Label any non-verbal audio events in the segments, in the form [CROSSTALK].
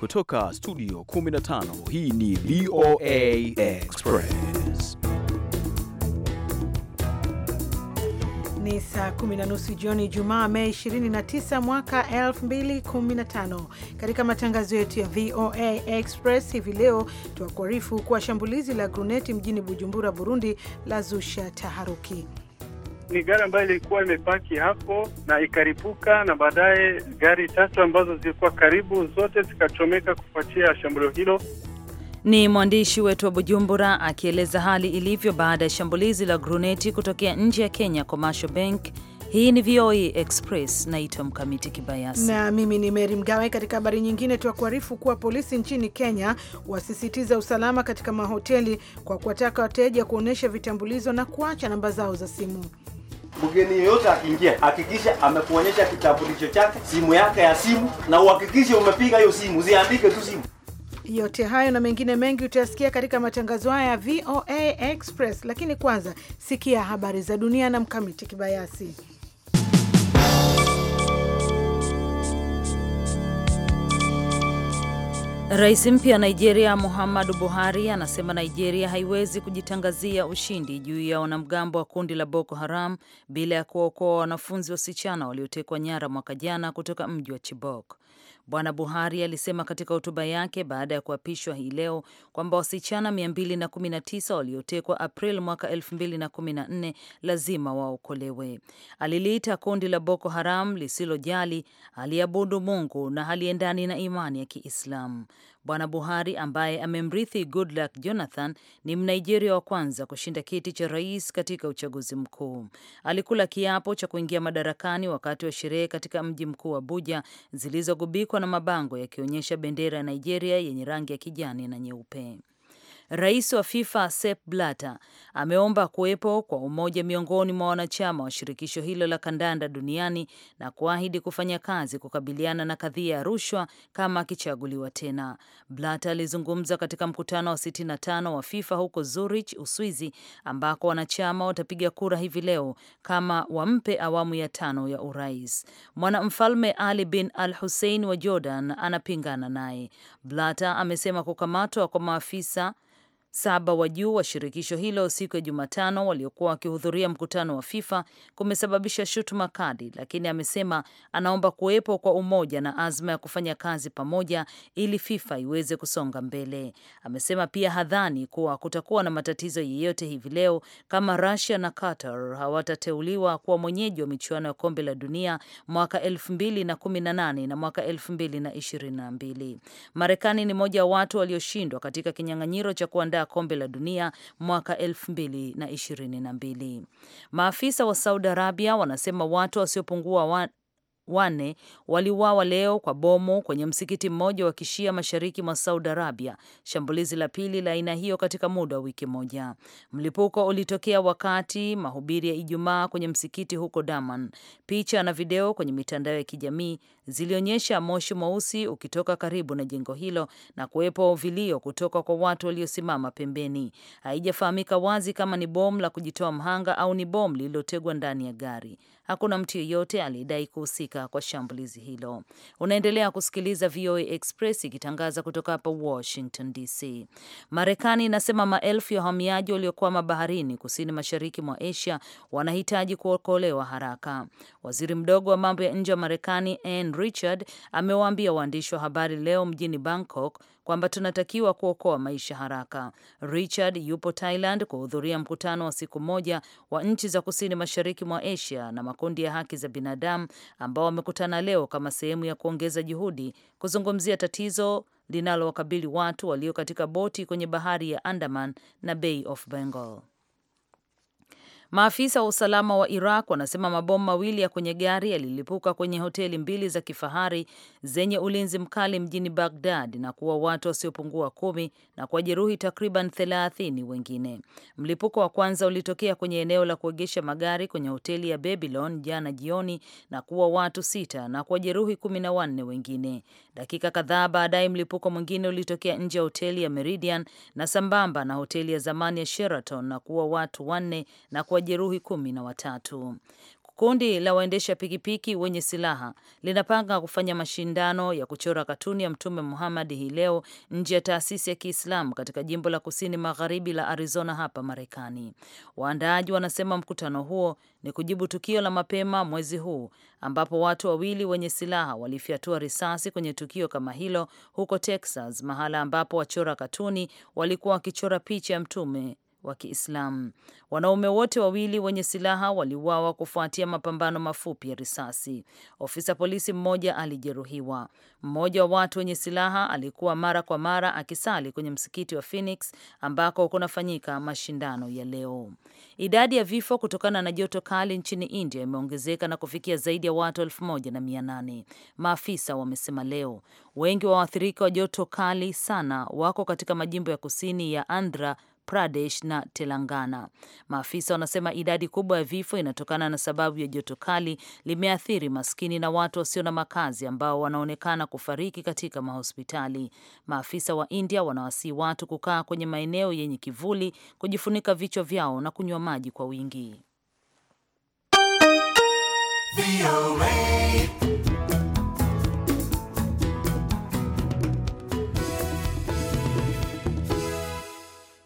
Kutoka studio 15 hii ni VOA Express. Ni saa kumi na nusu jioni Jumaa, Mei 29 mwaka 2015. Katika matangazo yetu ya VOA Express hivi leo, tuwakuarifu kuwa shambulizi la gruneti mjini Bujumbura, Burundi la zusha taharuki ni gari ambayo ilikuwa imepaki hapo na ikaripuka, na baadaye gari tatu ambazo zilikuwa karibu zote zikachomeka kufuatia shambulio hilo. Ni mwandishi wetu wa Bujumbura akieleza hali ilivyo baada ya shambulizi la gruneti kutokea nje ya Kenya Commercial Bank. Hii ni VOA e Express. Naitwa Mkamiti Kibayasi na mimi ni Meri Mgawe. Katika habari nyingine, kuharifu kuwa polisi nchini Kenya wasisitiza usalama katika mahoteli kwa kuwataka wateja kuonyesha vitambulisho na kuacha namba zao za simu. Mgeni yeyote akiingia, hakikisha amekuonyesha kitambulisho chake, simu yake ya simu, na uhakikishe umepiga hiyo simu, ziandike tu simu. Yote hayo na mengine mengi utayasikia katika matangazo haya ya VOA Express, lakini kwanza sikia habari za dunia na Mkamiti Kibayasi. Rais mpya wa Nigeria Muhammadu Buhari anasema Nigeria haiwezi kujitangazia ushindi juu ya wanamgambo wa kundi la Boko Haram bila ya kuwaokoa wanafunzi wasichana waliotekwa nyara mwaka jana kutoka mji wa Chibok. Bwana Buhari alisema katika hotuba yake baada ya kuapishwa hii leo kwamba wasichana 219 waliotekwa April mwaka 2014 lazima waokolewe. Aliliita kundi la Boko Haram lisilojali, aliabudu Mungu na haliendani na imani ya Kiislamu. Bwana Buhari ambaye amemrithi Goodluck Jonathan ni Mnigeria wa kwanza kushinda kiti cha rais katika uchaguzi mkuu. Alikula kiapo cha kuingia madarakani wakati wa sherehe katika mji mkuu Abuja zilizogubikwa na mabango yakionyesha bendera ya Nigeria yenye rangi ya kijani na nyeupe. Rais wa FIFA Sepp Blatter ameomba kuwepo kwa umoja miongoni mwa wanachama wa shirikisho hilo la kandanda duniani na kuahidi kufanya kazi kukabiliana na kadhia ya rushwa kama akichaguliwa tena. Blatter alizungumza katika mkutano wa 65 wa FIFA huko Zurich, Uswizi, ambako wanachama watapiga kura hivi leo kama wampe awamu ya tano ya urais. Mwanamfalme Ali bin Al Hussein wa Jordan anapingana naye. Blatter amesema kukamatwa kwa maafisa saba wa juu wa shirikisho hilo siku ya Jumatano waliokuwa wakihudhuria mkutano wa FIFA kumesababisha shutuma kali, lakini amesema anaomba kuwepo kwa umoja na azma ya kufanya kazi pamoja ili FIFA iweze kusonga mbele. Amesema pia hadhani kuwa kutakuwa na matatizo yeyote hivi leo kama Russia na Qatar hawatateuliwa kuwa mwenyeji wa michuano ya kombe la dunia mwaka 2018 na mwaka 2022. Marekani ni moja ya watu walioshindwa katika kinyang'anyiro cha kuandaa ya kombe la dunia mwaka mbili Maafisa wa Saudi Arabia wanasema watu wasiopungua wanne waliuawa leo kwa bomu kwenye msikiti mmoja wa kishia mashariki mwa Saudi Arabia, shambulizi la pili la aina hiyo katika muda wa wiki moja. Mlipuko ulitokea wakati mahubiri ya Ijumaa kwenye msikiti huko Daman. Picha na video kwenye mitandao ya kijamii zilionyesha moshi mweusi ukitoka karibu na jengo hilo na kuwepo vilio kutoka kwa watu waliosimama pembeni. Haijafahamika wazi kama ni bomu la kujitoa mhanga au ni bomu lililotegwa ndani ya gari. Hakuna mtu yeyote aliyedai kuhusika kwa shambulizi hilo. Unaendelea kusikiliza VOA Express ikitangaza kutoka hapa Washington DC. Marekani inasema maelfu ya wahamiaji waliokwama baharini kusini mashariki mwa Asia wanahitaji kuokolewa haraka. Waziri mdogo wa mambo ya nje wa Marekani Ann Richard amewaambia waandishi wa habari leo mjini Bangkok kwamba tunatakiwa kuokoa maisha haraka. Richard yupo Thailand kuhudhuria mkutano wa siku moja wa nchi za kusini mashariki mwa Asia na makundi ya haki za binadamu ambao wamekutana leo kama sehemu ya kuongeza juhudi kuzungumzia tatizo linalowakabili watu walio katika boti kwenye bahari ya Andaman na Bay of Bengal. Maafisa wa usalama wa Iraq wanasema mabomu mawili ya kwenye gari yalilipuka kwenye hoteli mbili za kifahari zenye ulinzi mkali mjini Bagdad na kuwa watu wasiopungua kumi na kuwajeruhi takriban thelathini wengine. Mlipuko wa kwanza ulitokea kwenye eneo la kuegesha magari kwenye hoteli ya Babylon jana jioni na kuwa watu sita na kuwajeruhi kumi na wanne wengine. Dakika kadhaa baadaye, mlipuko mwingine ulitokea nje ya hoteli ya Meridian na sambamba na hoteli ya zamani ya Sheraton na kuwa watu wanne na kuwa wajeruhi kumi na watatu. Kundi la waendesha pikipiki wenye silaha linapanga kufanya mashindano ya kuchora katuni ya Mtume Muhammad hii leo nje ya taasisi ya Kiislamu katika jimbo la kusini magharibi la Arizona hapa Marekani. Waandaaji wanasema mkutano huo ni kujibu tukio la mapema mwezi huu ambapo watu wawili wenye silaha walifyatua risasi kwenye tukio kama hilo huko Texas, mahala ambapo wachora katuni walikuwa wakichora picha ya Mtume wa Kiislamu. Wanaume wote wawili wenye silaha waliuawa kufuatia mapambano mafupi ya risasi. Ofisa polisi mmoja alijeruhiwa. Mmoja wa watu wenye silaha alikuwa mara kwa mara akisali kwenye msikiti wa Phoenix ambako kunafanyika mashindano ya leo. Idadi ya vifo kutokana na joto kali nchini India imeongezeka na kufikia zaidi ya watu elfu moja na mia nane maafisa wamesema leo. Wengi wa waathirika wa joto kali sana wako katika majimbo ya kusini ya Andhra Pradesh na Telangana. Maafisa wanasema idadi kubwa ya vifo inatokana na sababu ya joto kali limeathiri maskini na watu wasio na makazi ambao wanaonekana kufariki katika mahospitali. Maafisa wa India wanawasii watu kukaa kwenye maeneo yenye kivuli, kujifunika vichwa vyao na kunywa maji kwa wingi.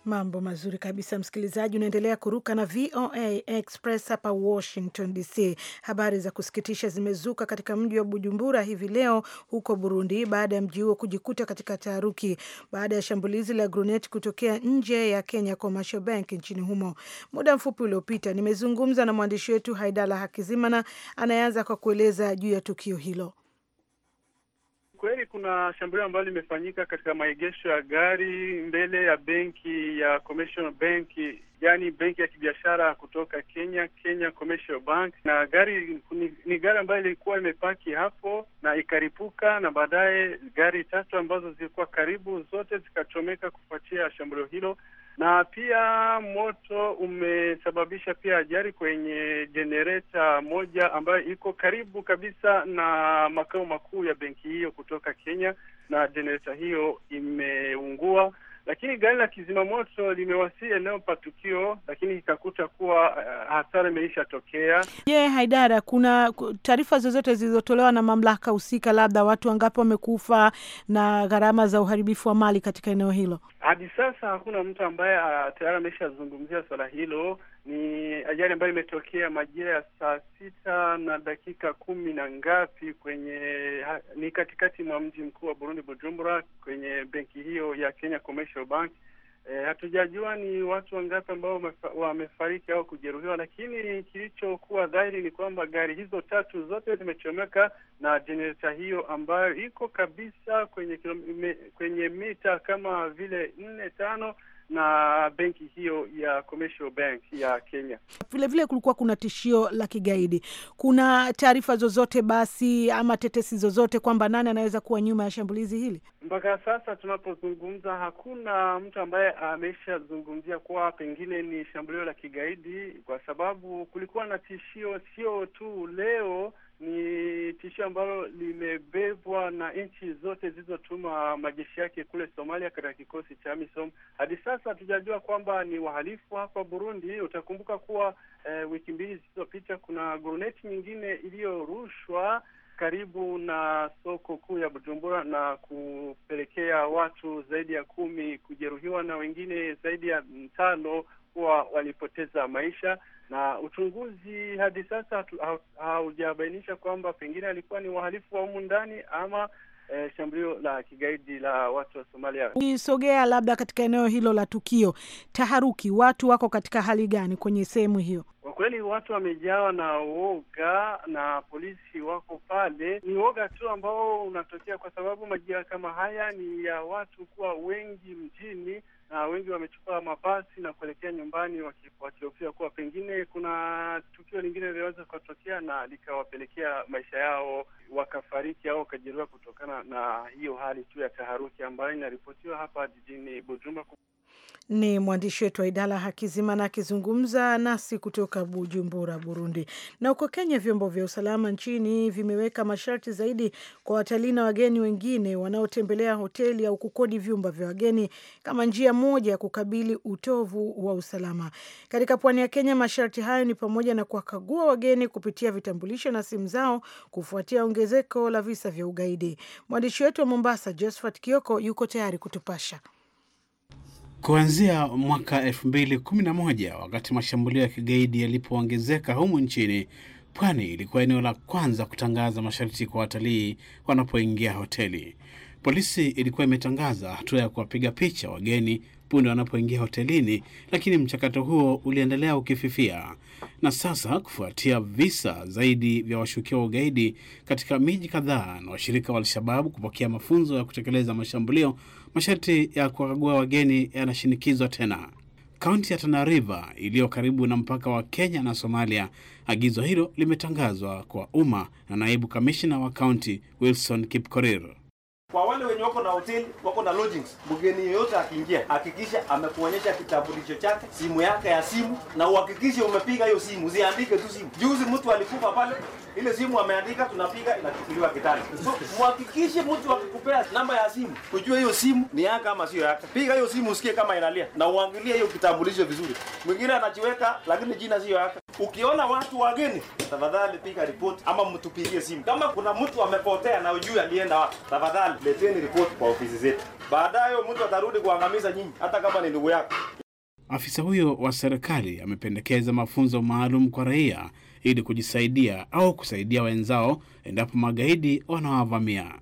Mambo mazuri kabisa, msikilizaji. Unaendelea kuruka na VOA Express hapa Washington DC. Habari za kusikitisha zimezuka katika mji wa Bujumbura hivi leo huko Burundi, baada ya mji huo kujikuta katika taharuki baada ya shambulizi la gruneti kutokea nje ya Kenya Commercial Bank nchini humo. Muda mfupi uliopita, nimezungumza na mwandishi wetu Haidala Hakizimana anayeanza kwa kueleza juu ya tukio hilo. Kweli kuna shambulio ambalo limefanyika katika maegesho ya gari mbele ya benki ya Commercial Bank, yani benki ya kibiashara kutoka Kenya, Kenya Commercial Bank, na gari ni, ni gari ambayo ilikuwa imepaki hapo na ikaripuka, na baadaye gari tatu ambazo zilikuwa karibu zote zikachomeka kufuatia shambulio hilo na pia moto umesababisha pia ajali kwenye jenereta moja ambayo iko karibu kabisa na makao makuu ya benki hiyo kutoka Kenya, na jenereta hiyo imeungua, lakini gari la kizima moto limewasili eneo pa tukio, lakini ikakuta kuwa eh, hasara imeisha tokea. Je, yeah, Haidara, kuna taarifa zozote zilizotolewa na mamlaka husika, labda watu wangapi wamekufa na gharama za uharibifu wa mali katika eneo hilo? Hadi sasa hakuna mtu ambaye ah, tayari ameshazungumzia swala hilo. Ni ajali ambayo imetokea majira ya saa sita na dakika kumi na ngapi kwenye ha, ni katikati mwa mji mkuu wa Burundi Bujumbura, kwenye benki hiyo ya Kenya Commercial Bank. E, hatujajua ni watu wangapi ambao wamefariki au kujeruhiwa, lakini kilichokuwa dhahiri ni kwamba gari hizo tatu zote zimechomeka na jenereta hiyo ambayo iko kabisa kwenye, kwenye mita kama vile nne tano na benki hiyo ya Commercial Bank ya Kenya. Vilevile kulikuwa kuna tishio la kigaidi. Kuna taarifa zozote basi ama tetesi zozote kwamba nani anaweza kuwa nyuma ya shambulizi hili? Mpaka sasa tunapozungumza, hakuna mtu ambaye ameshazungumzia kuwa pengine ni shambulio la kigaidi, kwa sababu kulikuwa na tishio sio tu leo ni tishio ambalo limebebwa na nchi zote zilizotuma majeshi yake kule Somalia katika kikosi cha AMISOM. Hadi sasa hatujajua kwamba ni wahalifu hapa Burundi. Utakumbuka kuwa eh, wiki mbili zilizopita kuna guruneti nyingine iliyorushwa karibu na soko kuu ya Bujumbura na kupelekea watu zaidi ya kumi kujeruhiwa na wengine zaidi ya mtano kuwa walipoteza maisha na uchunguzi hadi sasa haujabainisha kwamba pengine alikuwa ni wahalifu wa humu ndani ama E, shambulio la kigaidi la watu wa Somalia. Ukisogea labda katika eneo hilo la tukio, taharuki, watu wako katika hali gani kwenye sehemu hiyo? Kwa kweli watu wamejawa na woga na polisi wako pale. Ni woga tu ambao unatokea kwa sababu majira kama haya ni ya watu kuwa wengi mjini na wengi wamechukua mabasi na kuelekea nyumbani wakihofia kuwa pengine kuna tukio lingine linaweza kuwatokea na likawapelekea maisha yao wakafariki au wakajeruhiwa kutokana na hiyo hali tu ya taharuki ambayo inaripotiwa hapa jijini Bujumbura. Ni mwandishi wetu wa idara Hakizimana akizungumza nasi kutoka Bujumbura, Burundi. Na huko Kenya, vyombo vya usalama nchini vimeweka masharti zaidi kwa watalii na wageni wengine wanaotembelea hoteli au kukodi vyumba vya wageni kama njia moja ya kukabili utovu wa usalama katika pwani ya Kenya. Masharti hayo ni pamoja na kuwakagua wageni kupitia vitambulisho na simu zao kufuatia ongezeko la visa vya ugaidi. Mwandishi wetu wa Mombasa, Josephat Kioko, yuko tayari kutupasha. Kuanzia mwaka 2011 wakati mashambulio ya kigaidi yalipoongezeka humu nchini, pwani ilikuwa eneo la kwanza kutangaza masharti kwa watalii wanapoingia hoteli. Polisi ilikuwa imetangaza hatua ya kuwapiga picha wageni punde wanapoingia hotelini, lakini mchakato huo uliendelea ukififia. Na sasa kufuatia visa zaidi vya washukiwa wa ugaidi katika miji kadhaa na washirika wa Alshababu kupokea mafunzo ya kutekeleza mashambulio, masharti ya kuwakagua wageni yanashinikizwa tena. Kaunti ya Tana River iliyo karibu na mpaka wa Kenya na Somalia, agizo hilo limetangazwa kwa umma na naibu kamishna wa kaunti Wilson Kipkorir. Kwa wale wenye wako na hoteli, wako na lodgings, mgeni yeyote akiingia, hakikisha amekuonyesha kitambulisho chake, simu yake ya simu, na uhakikishe umepiga hiyo simu, ziandike tu simu. Juzi mtu alikufa pale, ile simu ameandika, tunapiga inachukuliwa kitani. So muhakikishe mtu akikupea namba ya simu, kujua hiyo simu ni yake ama sio yake. Piga hiyo simu, usikie kama inalia, na uangalie hiyo kitambulisho vizuri. Mwingine anajiweka, lakini jina sio yake. Ukiona watu wageni, tafadhali piga ripoti ama mtupigie simu. Kama kuna mtu amepotea na ujue alienda wapi, tafadhali fulani, leteni ripoti kwa ofisi zetu. Baadaye mtu atarudi kuangamiza nyinyi, hata kama ni ndugu yako. Afisa huyo wa serikali amependekeza mafunzo maalum kwa raia ili kujisaidia au kusaidia wenzao endapo magaidi wanawavamia.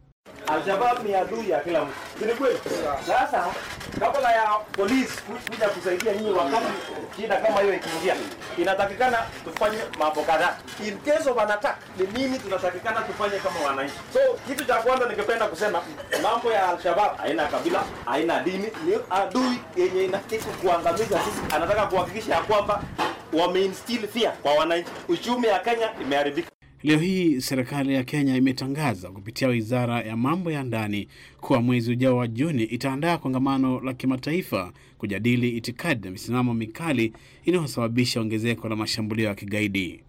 Alshabab ni adui ya kila mtu, si ni kweli? Sasa kabla ya polisi kuja kusaidia nyinyi wakati shida kama hiyo ikiingia, inatakikana tufanye mambo kadhaa. In case of an attack, ni nini tunatakikana tufanye kama wananchi? So kitu cha kwanza ningependa kusema, mambo ya Alshabab haina kabila, haina dini, ni adui yenye inataka kuangamiza sisi. Anataka kuhakikisha ya kwamba wameinstill fear kwa wananchi. Uchumi ya Kenya imeharibika. Leo hii serikali ya Kenya imetangaza kupitia wizara ya mambo ya ndani kuwa mwezi ujao wa Juni itaandaa kongamano la kimataifa kujadili itikadi na misimamo mikali inayosababisha ongezeko la mashambulio ya kigaidi.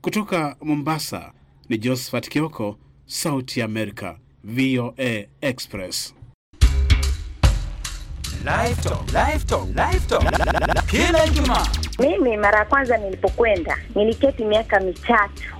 Kutoka Mombasa ni Josephat Kioko, Sauti ya Amerika, VOA Express. Kila Ijumaa. Mimi mara ya kwanza nilipokwenda niliketi miaka mitatu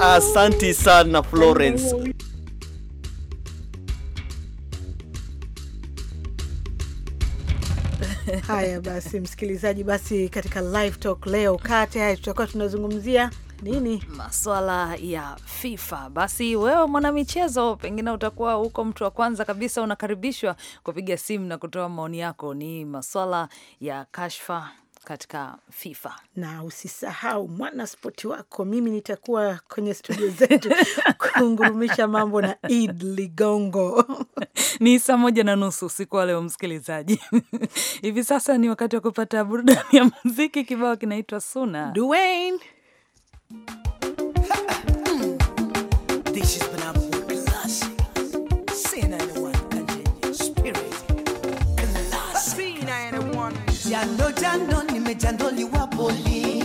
Asanti sana Florence. Haya basi, msikilizaji, basi katika live talk leo kati haya tutakuwa tunazungumzia nini? Maswala ya FIFA. Basi wewe mwanamichezo, pengine utakuwa huko mtu wa kwanza kabisa unakaribishwa kupiga simu na kutoa maoni yako. Ni maswala ya kashfa katika FIFA na usisahau mwanaspoti wako. Mimi nitakuwa kwenye studio zetu [LAUGHS] kungurumisha mambo na Id Ligongo. Ni saa moja na nusu usiku wa leo, msikilizaji. [LAUGHS] Hivi sasa ni wakati wa kupata burudani ya muziki. Kibao kinaitwa Suna Duane. no, no. echándole guapolín.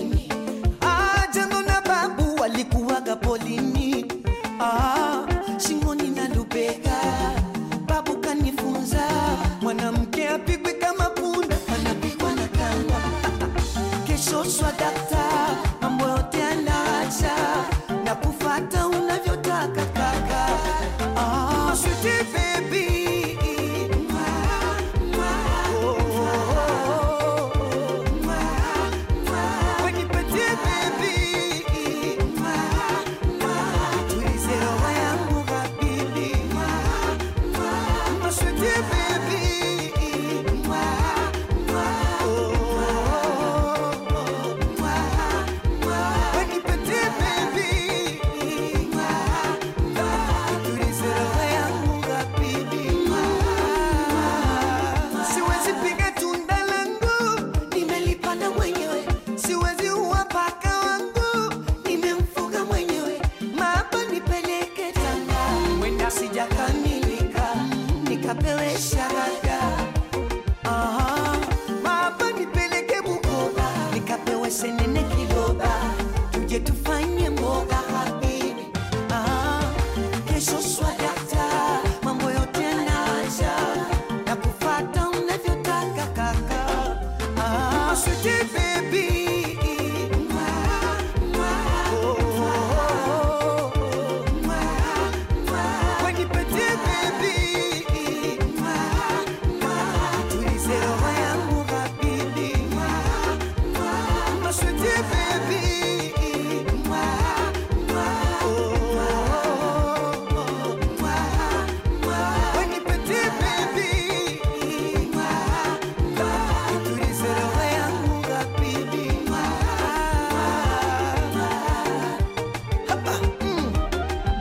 capelechada.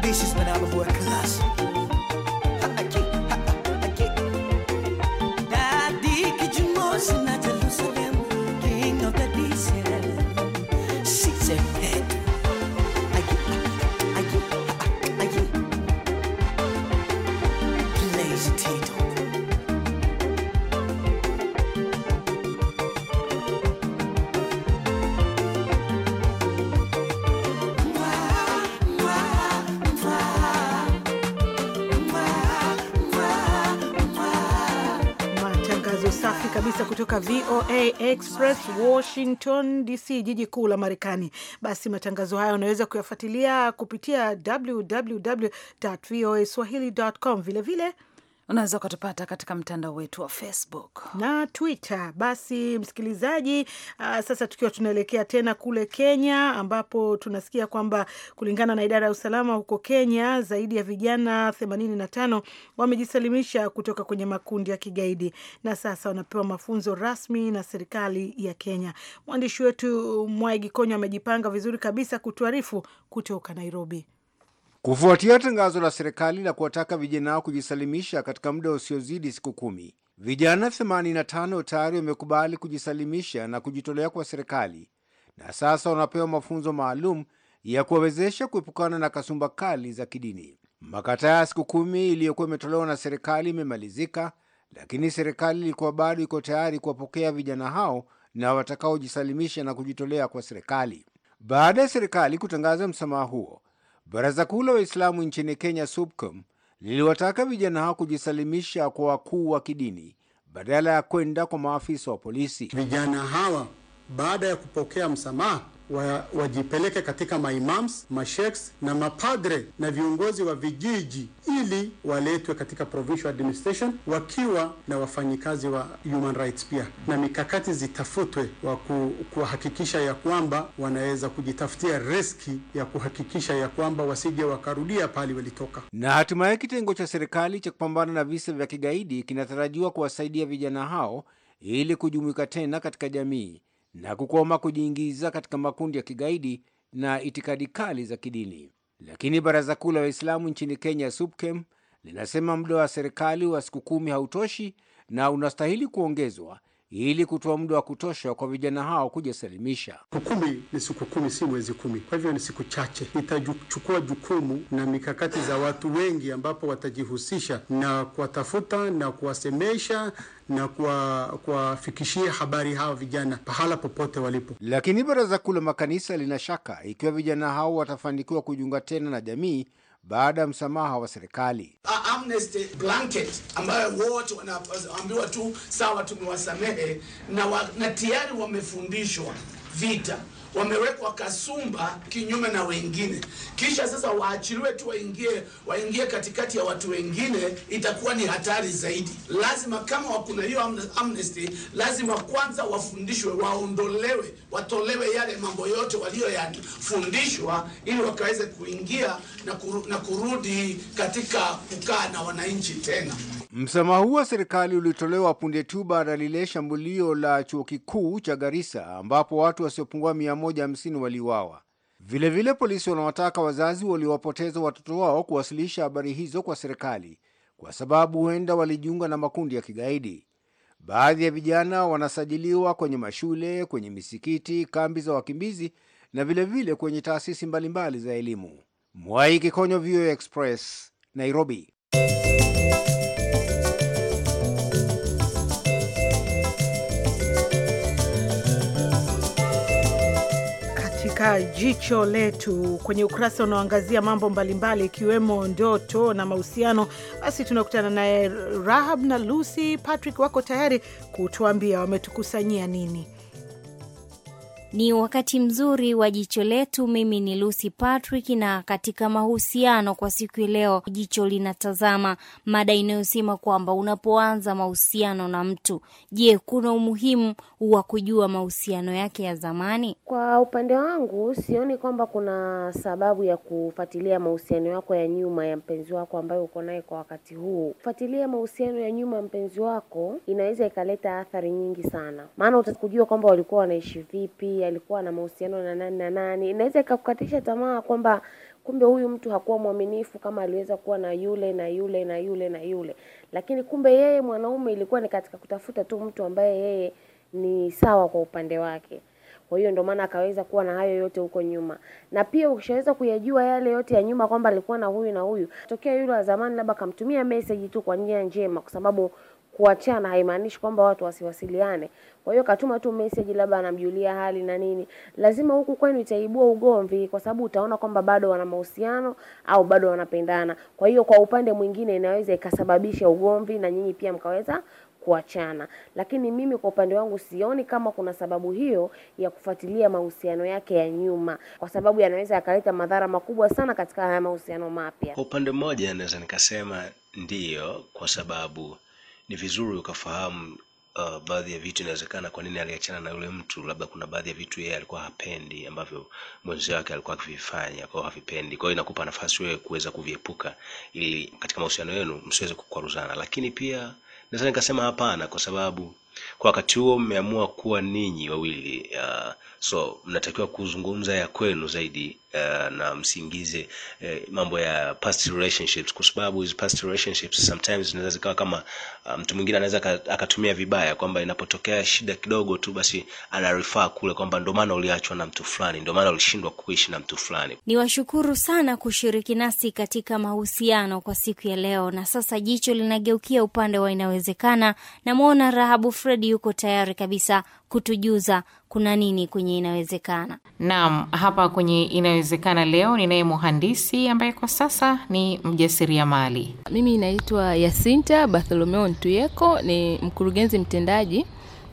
ambitious, ben aan mijn woord class. Express Washington DC, jiji kuu la Marekani. Basi matangazo haya unaweza kuyafuatilia kupitia www voa swahili.com, vilevile unaweza ukatupata katika mtandao wetu wa Facebook na Twitter. Basi msikilizaji, uh, sasa tukiwa tunaelekea tena kule Kenya, ambapo tunasikia kwamba kulingana na idara ya usalama huko Kenya, zaidi ya vijana 85 wamejisalimisha kutoka kwenye makundi ya kigaidi na sasa wanapewa mafunzo rasmi na serikali ya Kenya. Mwandishi wetu mwaigi Gikonyo amejipanga vizuri kabisa kutuarifu kutoka Nairobi. Kufuatia tangazo la serikali la kuwataka vijana wao kujisalimisha katika muda usiozidi siku kumi, vijana 85 tayari wamekubali kujisalimisha na kujitolea kwa serikali, na sasa wanapewa mafunzo maalum ya kuwawezesha kuepukana na kasumba kali za kidini. Makataa ya siku kumi iliyokuwa imetolewa na serikali imemalizika, lakini serikali ilikuwa bado iko tayari kuwapokea vijana hao na watakaojisalimisha na kujitolea kwa serikali. Baada ya serikali kutangaza msamaha huo Baraza Kuu la Waislamu nchini Kenya, SUPKEM, liliwataka vijana hao kujisalimisha kwa wakuu wa kidini badala ya kwenda kwa maafisa wa polisi. Vijana hawa baada ya kupokea msamaha wa, wajipeleke katika maimams, masheks na mapadre na viongozi wa vijiji ili waletwe katika provincial administration wakiwa na wafanyikazi wa human rights pia, na mikakati zitafutwe wa kuhakikisha ya kwamba wanaweza kujitafutia riski ya kuhakikisha ya kwamba wasije wakarudia pale walitoka. Na hatimaye kitengo cha serikali cha kupambana na visa vya kigaidi kinatarajiwa kuwasaidia vijana hao ili kujumuika tena katika jamii na kukoma kujiingiza katika makundi ya kigaidi na itikadi kali za kidini. Lakini baraza kuu la Waislamu nchini Kenya, SUPKEM, linasema muda wa serikali wa siku kumi hautoshi na unastahili kuongezwa ili kutoa muda wa kutosha kwa vijana hao kujisalimisha. Siku kumi ni siku kumi, si mwezi kumi. Kwa hivyo ni siku chache. Nitachukua jukumu na mikakati za watu wengi, ambapo watajihusisha na kuwatafuta na kuwasemesha na kuwafikishia habari hao vijana pahala popote walipo. Lakini baraza kuu la makanisa lina shaka ikiwa vijana hao watafanikiwa kujiunga tena na jamii baada ya msamaha wa serikali. Amnesty blanket ambayo wote wanaambiwa tu sawa, tumewasamehe na, na tayari wamefundishwa vita wamewekwa kasumba kinyume na wengine, kisha sasa waachiliwe tu waingie waingie katikati ya watu wengine, itakuwa ni hatari zaidi. Lazima kama kuna hiyo amnesty, lazima kwanza wafundishwe, waondolewe, watolewe yale mambo yote waliyoyafundishwa, ili wakaweze kuingia na, kuru, na kurudi katika kukaa na wananchi tena. Msamaha huo wa serikali ulitolewa punde tu baada ya lile shambulio la chuo kikuu cha Garissa ambapo watu wasiopungua 150 waliuawa. Vilevile, polisi wanawataka wazazi waliowapoteza watoto wao kuwasilisha habari hizo kwa serikali kwa sababu huenda walijiunga na makundi ya kigaidi. Baadhi ya vijana wanasajiliwa kwenye mashule, kwenye misikiti, kambi za wakimbizi na vilevile vile kwenye taasisi mbalimbali za elimu. Mwai Kikonyo, VOA Express, Nairobi. katika jicho letu kwenye ukurasa unaoangazia mambo mbalimbali ikiwemo mbali, ndoto na mahusiano. Basi tunakutana naye Rahab na Lucy Patrick, wako tayari kutuambia wametukusanyia nini. Ni wakati mzuri wa jicho letu. Mimi ni Lucy Patrick, na katika mahusiano kwa siku ya leo, jicho linatazama mada inayosema kwamba unapoanza mahusiano na mtu, je, kuna umuhimu wa kujua mahusiano yake ya zamani? Kwa upande wangu, sioni kwamba kuna sababu ya kufuatilia mahusiano yako ya nyuma ya mpenzi wako ambayo uko naye kwa wakati huu. Kufuatilia mahusiano ya nyuma ya mpenzi wako inaweza ikaleta athari nyingi sana, maana utakujua kwamba walikuwa wanaishi vipi, alikuwa na mahusiano na nani na nani. Inaweza ikakukatisha tamaa kwamba kumbe huyu mtu hakuwa mwaminifu kama aliweza kuwa na yule na yule na yule na yule, lakini kumbe yeye mwanaume ilikuwa ni katika kutafuta tu mtu ambaye yeye ni sawa kwa upande wake. Kwa hiyo ndio maana akaweza kuwa na hayo yote huko nyuma, na pia ukishaweza kuyajua yale yote ya nyuma kwamba alikuwa na huyu na huyu, tokea yule wa zamani labda kamtumia message tu kwa njia njema, kwa sababu kuachana haimaanishi kwamba watu wasiwasiliane. Kwa hiyo katuma tu message, labda anamjulia hali na nini, lazima huku kwenu itaibua ugomvi, kwa sababu utaona kwamba bado wana mahusiano au bado wanapendana. Kwa hiyo kwa upande mwingine inaweza ikasababisha ugomvi na nyinyi pia mkaweza kuachana. Lakini mimi kwa upande wangu sioni kama kuna sababu hiyo ya kufuatilia mahusiano yake ya nyuma, kwa sababu yanaweza yakaleta madhara makubwa sana katika haya mahusiano mapya. Kwa upande mmoja, naweza nikasema ndiyo, kwa sababu ni vizuri ukafahamu uh, baadhi ya vitu inawezekana kwa nini aliachana na yule mtu. Labda kuna baadhi ya vitu yeye alikuwa hapendi ambavyo mwenzi wake alikuwa akivifanya kwa havipendi. Kwa hiyo inakupa nafasi wewe kuweza kuviepuka, ili katika mahusiano yenu msiweze kukwaruzana. Lakini pia naweza nikasema hapana, kwa sababu kwa wakati huo mmeamua kuwa ninyi wawili uh, so mnatakiwa kuzungumza ya kwenu zaidi Eh, na msiingize eh, mambo ya past relationships, kwa sababu past relationships sometimes zinaweza zikawa kama ah, mtu um, mwingine anaweza akatumia vibaya kwamba inapotokea shida kidogo tu, basi ana refer kule kwamba ndio maana uliachwa na mtu fulani, ndio maana ulishindwa kuishi na mtu fulani. Niwashukuru sana kushiriki nasi katika mahusiano kwa siku ya leo, na sasa jicho linageukia upande wa inawezekana. Namwona Rahabu Fredi yuko tayari kabisa kutujuza kuna nini kwenye Inawezekana. Naam, hapa kwenye Inawezekana leo ninaye mhandisi ambaye kwa sasa ni mjasiriamali. Mimi inaitwa Yasinta Bartholomeo Ntuyeko, ni mkurugenzi mtendaji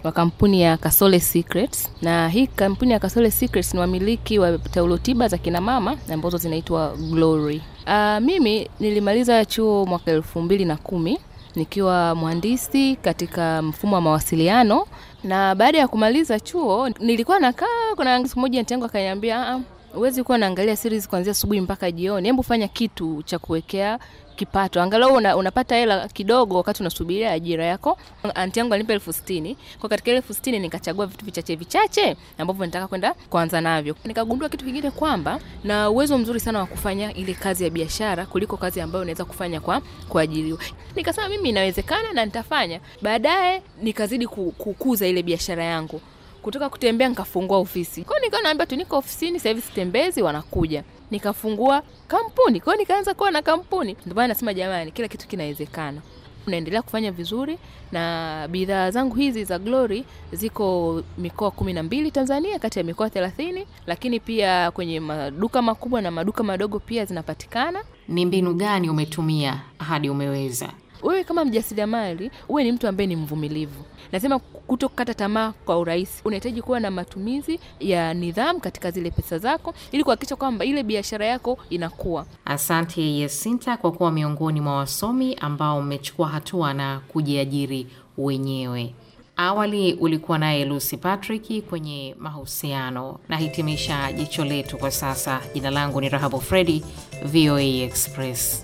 wa kampuni ya Kasole Secrets, na hii kampuni ya Kasole Secrets ni wamiliki wa taulo tiba za kinamama ambazo zinaitwa Glory. uh, mimi nilimaliza chuo mwaka elfu mbili na kumi nikiwa mhandisi katika mfumo wa mawasiliano na baada ya kumaliza chuo nilikuwa nakaa, kuna siku moja ntengo akaniambia, ah, huwezi kuwa naangalia series kuanzia asubuhi mpaka jioni, hebu fanya kitu cha kuwekea kipato angalau una, unapata hela kidogo wakati unasubiria ajira yako. Anti yangu alinipa elfu sitini kwa katika ile elfu sitini nikachagua vitu vichache vichache ambavyo nitaka kwenda kuanza navyo. Nikagundua kitu kingine kwamba na uwezo mzuri sana wa kufanya ile kazi ya biashara kuliko kazi ambayo unaweza kufanya kwa kuajiriwa. Nikasema mimi inawezekana na nitafanya. Baadaye nikazidi kukuza ile biashara yangu kutoka kutembea nikafungua ofisi kwao, nikawa naambia tu niko ofisini sasa hivi sitembezi, wanakuja nikafungua kampuni. kwao nikaanza kuwa na kampuni. Ndio maana nasema jamani, kila kitu kinawezekana. Naendelea kufanya vizuri na bidhaa zangu hizi za Glory ziko mikoa kumi na mbili Tanzania kati ya mikoa thelathini, lakini pia kwenye maduka makubwa na maduka madogo pia zinapatikana. Ni mbinu gani umetumia hadi umeweza? Wewe kama mjasiriamali uwe ni mtu ambaye ni mvumilivu. Nasema kuto kukata tamaa kwa urahisi. Unahitaji kuwa na matumizi ya nidhamu katika zile pesa zako ili kuhakikisha kwamba ile biashara yako inakuwa. Asante Yesinta kwa kuwa miongoni mwa wasomi ambao mmechukua hatua na kujiajiri wenyewe. Awali ulikuwa naye Lucy Patrick kwenye mahusiano. Nahitimisha jicho letu kwa sasa. Jina langu ni Rahabu Fredi, VOA Express.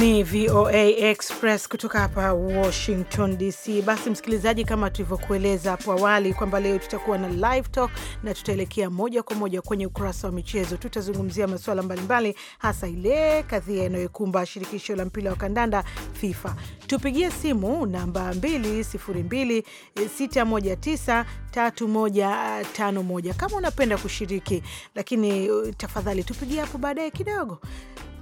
Ni VOA Express kutoka hapa Washington DC. Basi msikilizaji, kama tulivyokueleza hapo awali kwamba leo tutakuwa na live talk na tutaelekea moja kwa moja kwenye ukurasa wa michezo. Tutazungumzia masuala mbalimbali, hasa ile kadhia inayokumba shirikisho la mpira wa kandanda FIFA. Tupigie simu namba 2026193151 kama unapenda kushiriki, lakini uh, tafadhali tupigie hapo baadaye kidogo.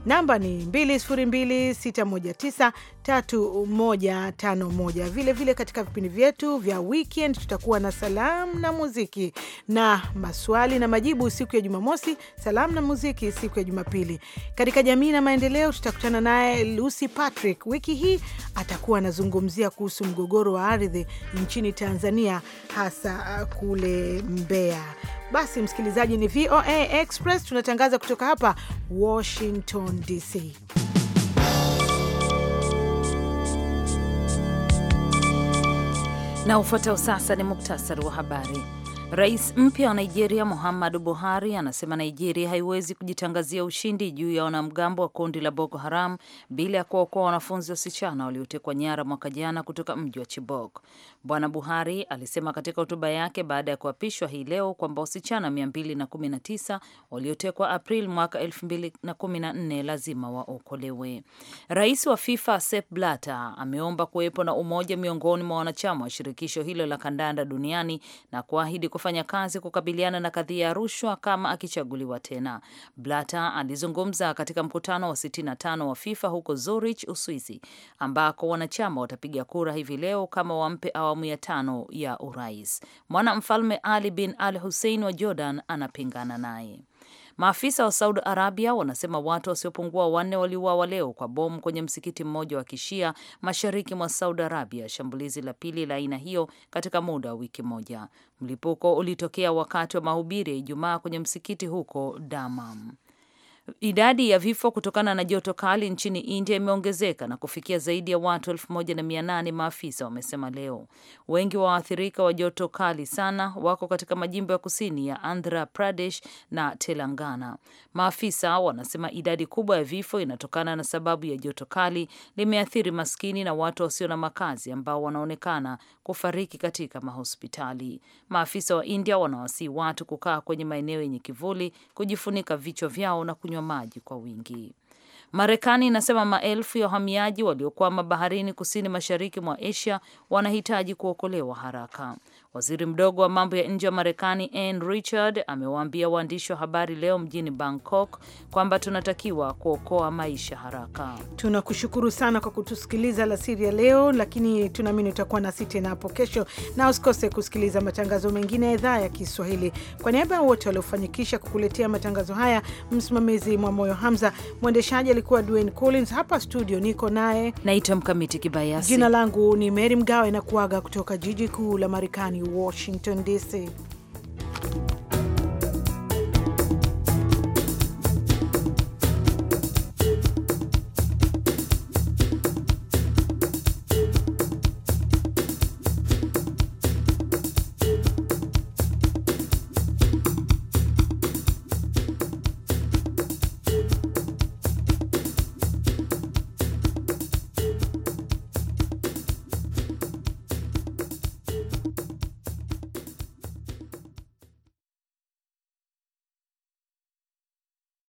Namba ni 2026193151. Vilevile katika vipindi vyetu vya weekend tutakuwa na salamu na muziki na maswali na majibu siku ya Jumamosi, salamu na muziki siku ya Jumapili. Katika jamii na maendeleo tutakutana naye Lucy Patrick. Wiki hii atakuwa anazungumzia kuhusu mgogoro wa ardhi nchini Tanzania, hasa uh, kule Mbeya. Basi msikilizaji, ni VOA Express, tunatangaza kutoka hapa Washington DC. Na ufuatao sasa ni muktasari wa habari. Rais mpya wa Nigeria Muhammadu Buhari anasema Nigeria haiwezi kujitangazia ushindi juu ya wanamgambo wa kundi la Boko Haram bila ya kuwaokoa wanafunzi wasichana waliotekwa nyara mwaka jana kutoka mji wa Chibok. Bwana Buhari alisema katika hotuba yake baada ya kuapishwa hii leo kwamba wasichana 219 waliotekwa april mwaka 2014 lazima waokolewe. Rais wa FIFA Sepp Blatter ameomba kuwepo na umoja miongoni mwa wanachama wa shirikisho hilo la kandanda duniani na kuahidi kufanya kazi kukabiliana na kadhia ya rushwa kama akichaguliwa tena. Blatter alizungumza katika mkutano wa 65 wa FIFA huko Zurich, Uswisi, ambako wanachama watapiga kura hivi leo kama wampe awa awamu ya tano ya urais. mfalme Ali bin Al Hussein wa Jordan anapingana naye. Maafisa wa Saudi Arabia wanasema watu wasiopungua wanne waliuawa leo kwa bomu kwenye msikiti mmoja wa kishia mashariki mwa Saudi Arabia, shambulizi la pili la aina hiyo katika muda wa wiki moja. Mlipuko ulitokea wakati wa mahubiri ya Ijumaa kwenye msikiti huko Damam. Idadi ya vifo kutokana na joto kali nchini India imeongezeka na kufikia zaidi ya watu elfu moja na mia nane, maafisa wamesema leo. Wengi wa waathirika wa joto kali sana wako katika majimbo ya kusini ya Andhra Pradesh na Telangana. Maafisa wanasema idadi kubwa ya vifo inatokana na sababu ya joto kali limeathiri maskini na watu wasio na makazi ambao wanaonekana kufariki katika mahospitali. Maafisa wa India wanawasihi watu kukaa kwenye maeneo yenye kivuli, kujifunika vichwa vyao na kunywa maji kwa wingi. Marekani inasema maelfu ya wahamiaji waliokwama baharini kusini mashariki mwa Asia wanahitaji kuokolewa haraka. Waziri mdogo wa mambo ya nje wa Marekani Ann Richard amewaambia waandishi wa habari leo mjini Bangkok kwamba tunatakiwa kuokoa maisha haraka. Tunakushukuru sana kwa kutusikiliza alasiri ya leo, lakini tunaamini utakuwa nasi tena hapo kesho, na usikose kusikiliza matangazo mengine ya idhaa ya Kiswahili. Kwa niaba ya wote waliofanikisha kukuletea matangazo haya, msimamizi mwa moyo Hamza, mwendeshaji alikuwa Dwayne Collins. Hapa studio niko naye naitwa Mkamiti Kibayasi. Jina langu ni Meri Mgawe na kuaga kutoka jiji kuu la Marekani, Washington, D.C.